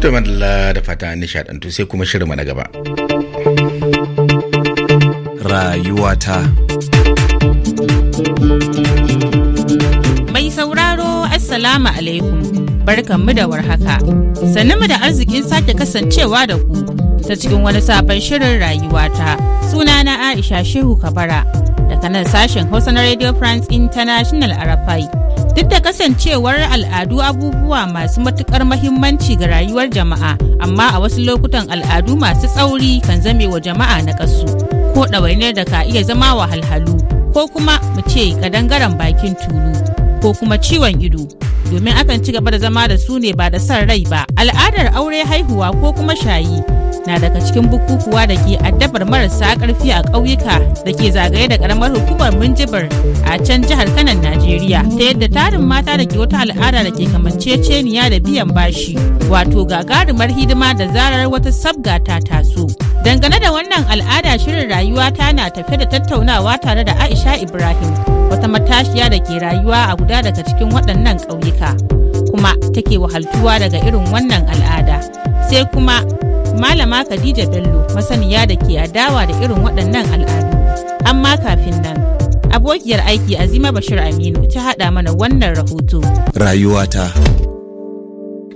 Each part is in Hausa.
To madalla da fata nishadantu sai kuma shirinmu na gaba. Rayuwata. Mai sauraro Assalamu alaikum barkanmu da warhaka. Sannu mu da arzikin sake kasancewa da ku ta cikin wani sabon shirin rayuwata. Sunana Aisha Shehu Kabara daga nan sashen Hausa na Radio France International Arafai. Duk da kasancewar al'adu abubuwa masu matukar mahimmanci ga rayuwar jama'a, amma a wasu lokutan al'adu masu tsauri kan zame wa jama'a na ƙasu, ko ɗawainiyar da ka iya zama wahalhalu, ko kuma mu ce dangaren bakin tulu, ko kuma ciwon ido. domin akan ci gaba da zama da su ne ba da san rai ba al'adar aure haihuwa ko kuma shayi na daga cikin bukukuwa da ke addabar marasa karfi a ƙauyuka da ke zagaye da karamar hukumar minjibir a can jihar kanan najeriya ta yadda tarin mata da ke wata al'ada da ke kamanceceniya da biyan bashi wato gagarumar hidima da zarar wata sabga ta taso Dangane da wannan al'ada shirin rayuwa ta na tafe da tattaunawa tare da Aisha Ibrahim wata matashiya da ke rayuwa a guda daga cikin waɗannan ƙauyuka kuma take wahaltuwa daga irin wannan al'ada. Sai kuma Malama Khadija Bello masaniya da ke adawa da irin waɗannan al'adu. Amma kafin nan, abokiyar aiki Azima Bashir Aminu ta haɗa mana wannan rahoto. Rayuwata.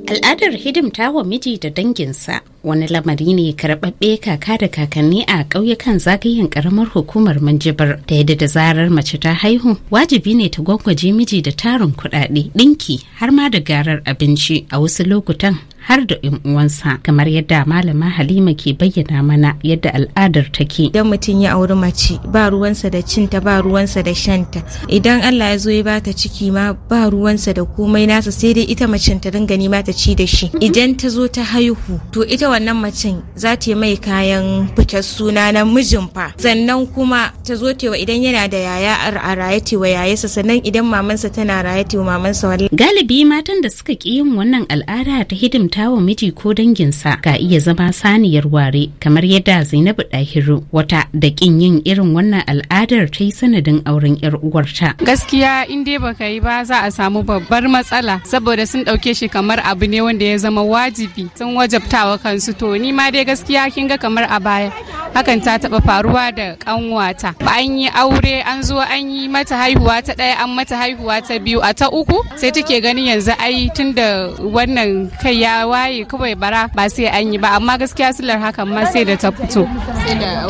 Al'adar hidimta wa miji da danginsa wani lamari ne karɓaɓɓe kaka da kakanni a ƙauyukan zagayen ƙaramar hukumar manjibar da yadda da zarar mace ta haihu wajibi ne ta gwaggwaje miji da tarin kuɗaɗe ɗinki har ma da garar abinci a wasu lokutan har da yan uwansa kamar yadda malama halima ke bayyana mana yadda al'adar take idan mutum ya auri mace ba ruwansa da cinta ba ruwansa da shanta idan allah ya zo ya bata ciki ma ba ruwansa da komai nasa sai dai ita macen ta dinga nema ta ci da shi idan ta zo ta haihu to ita wannan macen za ta yi mai kayan fita suna na mijin fa sannan kuma ta zo tewa idan yana da yaya a raye tewa yayarsa sannan idan mamansa tana raye tewa mamansa wallahi galibi matan da suka ki yin wannan al'ada ta hidim musganta wa miji ko danginsa ga iya zama saniyar ware kamar yadda Zainabu Dahiru wata da kin yin irin wannan al'adar ta yi sanadin auren yar uwarta. Gaskiya in dai baka yi ba za a samu babbar matsala saboda sun ɗauke shi kamar abu ne wanda ya zama wajibi sun wajabtawa kansu to ni ma dai gaskiya kin ga kamar a baya hakan ta taɓa faruwa da ƙanwata an yi aure an zo an yi mata haihuwa ta ɗaya an mata haihuwa ta biyu a ta uku sai take ganin yanzu ai tun da wannan kai ya waye kawai bara ba sai an yi ba amma gaskiya silar hakan ma sai da ta fito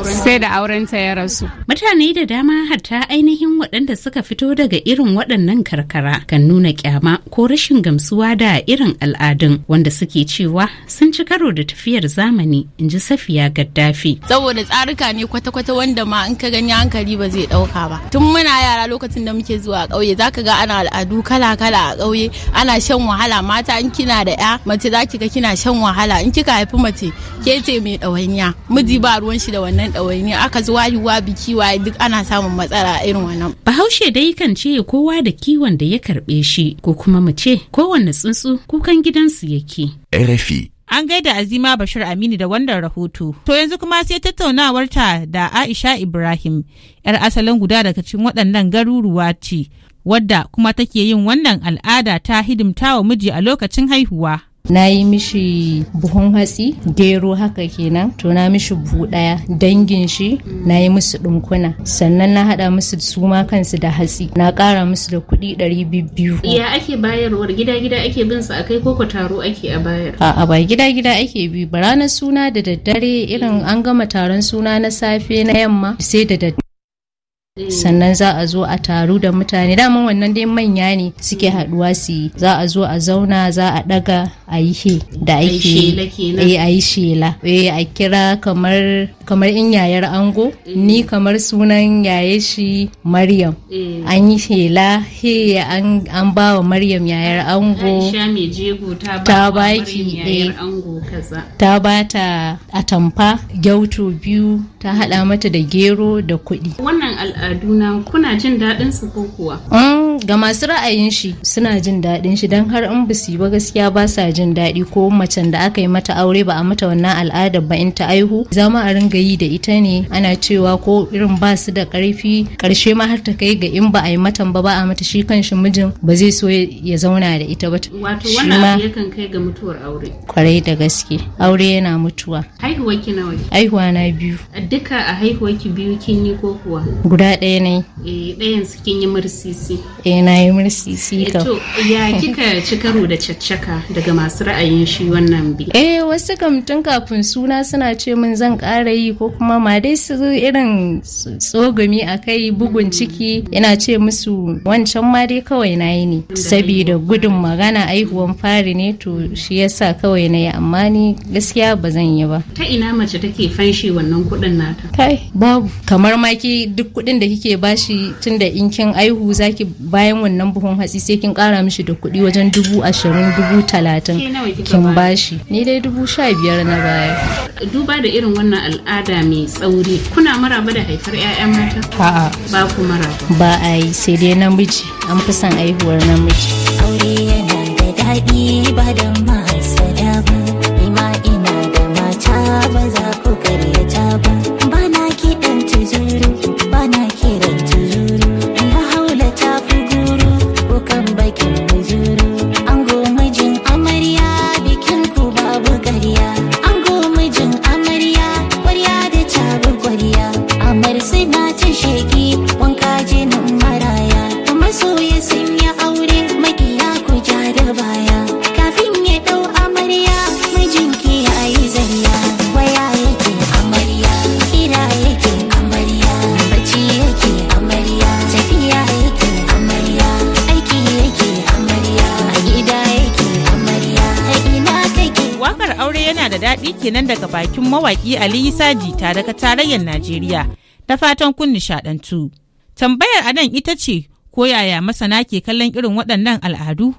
sai da auren ta ya rasu mutane da dama hatta ainihin waɗanda suka fito daga irin waɗannan karkara kan nuna kyama ko rashin gamsuwa da irin al'adun wanda suke cewa sun ci karo da tafiyar zamani in ji safiya gaddafi saboda saboda tsarika ne kwata-kwata wanda ma in ka gani hankali ba zai dauka ba tun muna yara lokacin da muke zuwa ƙauye zaka ga ana al'adu kala-kala a ƙauye ana shan wahala mata in kina da ya mace zaki ga kina shan wahala in kika haifi mace ke ce mai ɗawainiya miji ba ruwan shi da wannan ɗawainiya aka zo wahiwa biki waye duk ana samun matsala irin wannan bahaushe dai kan ce kowa da kiwon da ya karɓe shi ko kuma mu ce kowanne tsuntsu kukan gidansu yake RFI An gaida Azima Bashir Aminu da wannan rahoto. To yanzu kuma sai tattaunawar ta da Aisha Ibrahim, 'yar asalin guda daga cikin waɗannan garuruwa ce, wadda kuma take yin wannan al'ada ta hidimta wa miji a lokacin haihuwa. na yi mishi buhun hatsi gero haka kenan to na mishi buhu daya dangin shi na yi musu ɗinkuna. sannan na hada musu suma kansu da hatsi na kara musu da kuɗi ɗari biyu ya ake bayarwar gida gida ake bin su akai koko taro ake a bayar a ba gida gida ake bi ba ranar suna da daddare irin an gama taron suna na safe na yamma sai da daddare sannan za a zo a taru da mutane dama wannan dai manya ne suke mm. haduwa su yi za a zo a zauna za a daga a yi da ake eh, a yi shela eh, a kira kamar kamar in yayar ango ni eh. kamar sunan yaye shi maryam eh. an yi hela he an ba wa maryam yayar ango ta ba ki eh. ta ba ta atamfa gyautu biyu ta hada mata da gero da kuɗi wannan al'adu na kuna jin daɗin su ko kuwa mm, ga masu ra'ayin shi suna jin daɗin shi don har in ba su yi ba gaskiya ba sa jin daɗi ko macen da aka yi mata aure ba a mata wannan al'ada ba in ta aihu mu a ringa yi da ita ne ana cewa ko irin ba su da ƙarfi ƙarshe ma har ta kai ga in ba a yi matan ba ba a mata shi kan shi mijin ba zai so ya zauna da ita ba wato wannan yakan kai ga mutuwar aure kwarai da gaske aure yana mutuwa haihuwa ki nawa haihuwa na biyu duka a haihuwa ki biyu kin yi ko kuwa guda ɗaya ne eh ɗayan su kin yi mursisi eh na yi mursi ka eh, to ya kika ci karo da caccaka daga masu ra'ayin shi wannan bi eh wasu kam tun kafin suna suna ce min zan ƙara yi ko kuma ma dai su irin tsogumi a kai bugun hmm. ciki yana ce musu wancan ma dai kawai na yi ne saboda gudun magana aihuwan fari ne to shi yasa kawai na yi amma ni gaskiya ba zan yi ba ta ina mace take fanshi wannan kuɗin nata kai babu kamar ma ki duk kuɗin da kike bashi tun da in kin aihu zaki bayan wannan buhun hatsi sai kin kara mishi da kuɗi wajen dubu ashirin dubu talatin kin bashi ni dai dubu sha biyar na baya duba da irin wannan al'ada mai tsauri kuna maraba da haifar 'ya'yan mata a'a ba ku maraba ba a yi sai dai namiji an fi son aihuwar namiji aure yana da daɗi ba da ma kenan daga bakin mawaki Ali Isa Jita daga tarayyar Najeriya ta fatan kun nishadantu. Tambayar anan ita ce ko yaya masana ke kallon irin waɗannan al'adu?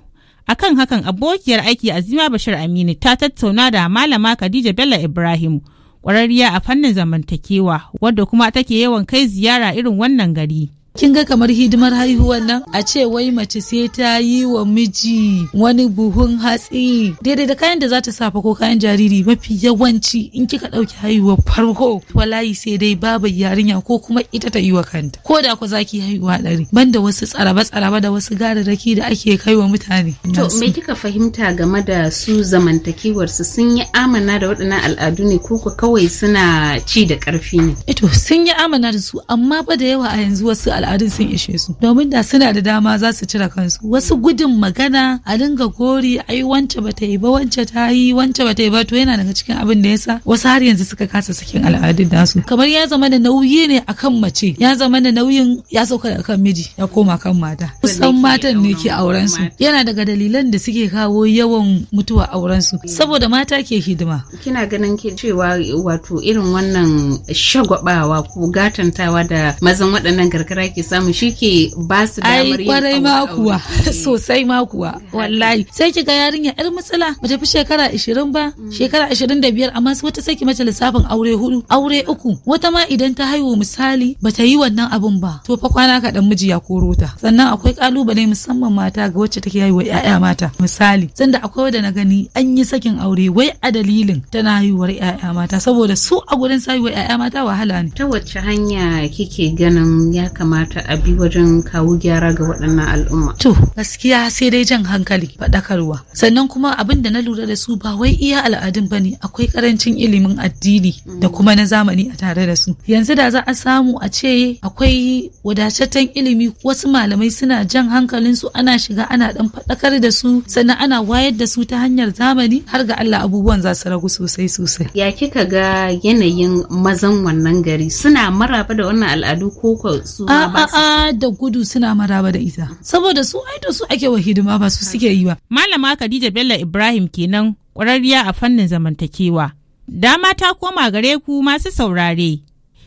Akan hakan abokiyar aiki Azima Bashir Aminu ta tattauna da malama Khadija Bello Ibrahim ƙwararriya a fannin zamantakewa wadda kuma take yawan kai ziyara irin wannan gari. kin ga kamar hidimar haihuwan nan a ce wai mace sai ta yi wa miji wani buhun hatsi daidai da kayan da za ta safa ko kayan jariri mafi yawanci in kika ɗauki haihuwar farko wallahi sai dai babu yarinya ko kuma ita ta yi wa kanta ko da ku zaki haihuwa dare banda wasu tsaraba tsaraba da wasu gararraki da ake kai wa mutane. to me kika fahimta game da su zamantakewar su sun yi amana da waɗannan al'adu ne ko kawai suna ci da ƙarfi ne. to sun yi amana da su amma ba da yawa a yanzu wasu al'adun sun ishe su domin da suna da dama za su cire kansu wasu gudun magana a dinga gori ai wance ba ta yi ba wance ta yi wance ba ta yi ba to yana daga cikin abin da ya sa wasu har yanzu suka kasa sakin al'adun nasu kamar ya zama da nauyi ne akan mace ya zama da nauyin ya sauka da kan miji ya koma kan mata kusan matan ne ke auren su yana daga dalilan da suke kawo yawan mutuwa auren su hmm. saboda mata ke hidima kina ganin ke cewa wato irin wannan shagwabawa ko gatantawa da mazan waɗannan gargara ake samu shi ke ba su damar yin kwarai ma eh. sosai ma kuwa wallahi sai ki ga yarinya yar matsala bata fi shekara 20 ba mm. shekara 25 amma wata sai ki mace lissafin aure hudu aure uku wata ma idan ta haihu misali bata yi wannan abun ba to fa kwana ka dan miji ya koro ta sannan akwai kalubale musamman mata ga wacce take haihuwa yaya mata misali sanda akwai wanda na gani an yi sakin aure wai a dalilin tana haihuwar yaya mata saboda su a gurin sa yaya mata wahala ne ta wacce hanya kike ganin ya kamata kamata a bi wajen kawo gyara ga waɗannan al'umma. To gaskiya sai dai jan hankali faɗakarwa sannan kuma abin da na lura da su ba wai iya al'adun bane akwai karancin ilimin addini da mm. kuma na zamani a tare da su yanzu da za a samu a ce akwai wadataccen ilimi wasu malamai suna jan hankalin su ana shiga ana ɗan faɗakar da su sannan ana wayar da su ta hanyar zamani har ga Allah abubuwan za su ragu sosai sosai. Ya kika ga yanayin mazan wannan gari suna maraba da wannan al'adu ko su ba. a'a da gudu suna maraba da ita saboda su ai da su ake wa hidima ba su suke yi ba malama Khadija Bello Ibrahim kenan ƙwararriya a fannin zamantakewa dama ta koma gare ku masu saurare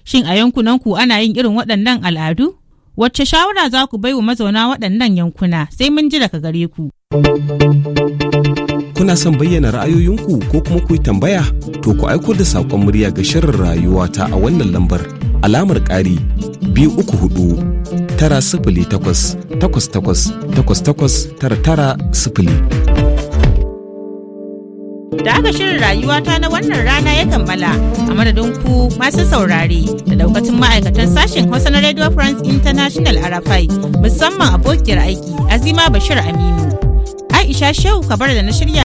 shin a yankunan ku ana yin irin waɗannan al'adu wacce shawara za ku bai wa mazauna waɗannan yankuna sai mun ji daga gare ku kuna son bayyana ra'ayoyinku ko kuma ku tambaya to ku aiko da saƙon murya ga shirin rayuwa ta a wannan lambar alamar ƙari biyu uku hudu tara sifili takwas takwas takwas takwas takwas tara tara sifili. Da aka shirin rayuwata na wannan rana ya kammala a madadin ku masu saurare da daukacin ma'aikatan sashen Hausa na Radio France International Arafai musamman abokiyar aiki Azima Bashir Aminu. Aisha Shehu kabar da na shirya